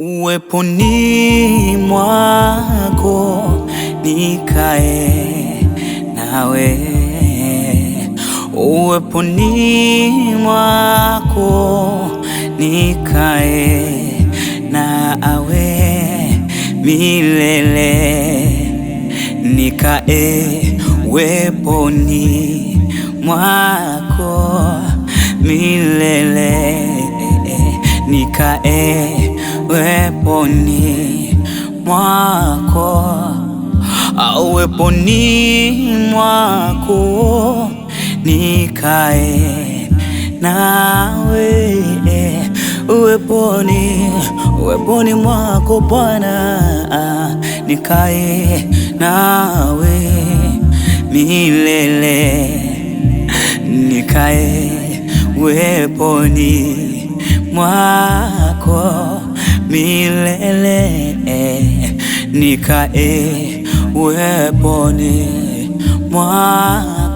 Uweponi mwako nikae nawe, uweponi mwako nikae nawe milele, nikae weponi mwako milele, nikae weponi mwako auweponi weponi mwako nikae nawe uweponi weponi mwako Bwana nikae nawe milele nikae weponi mwako milele nikae weponi mwa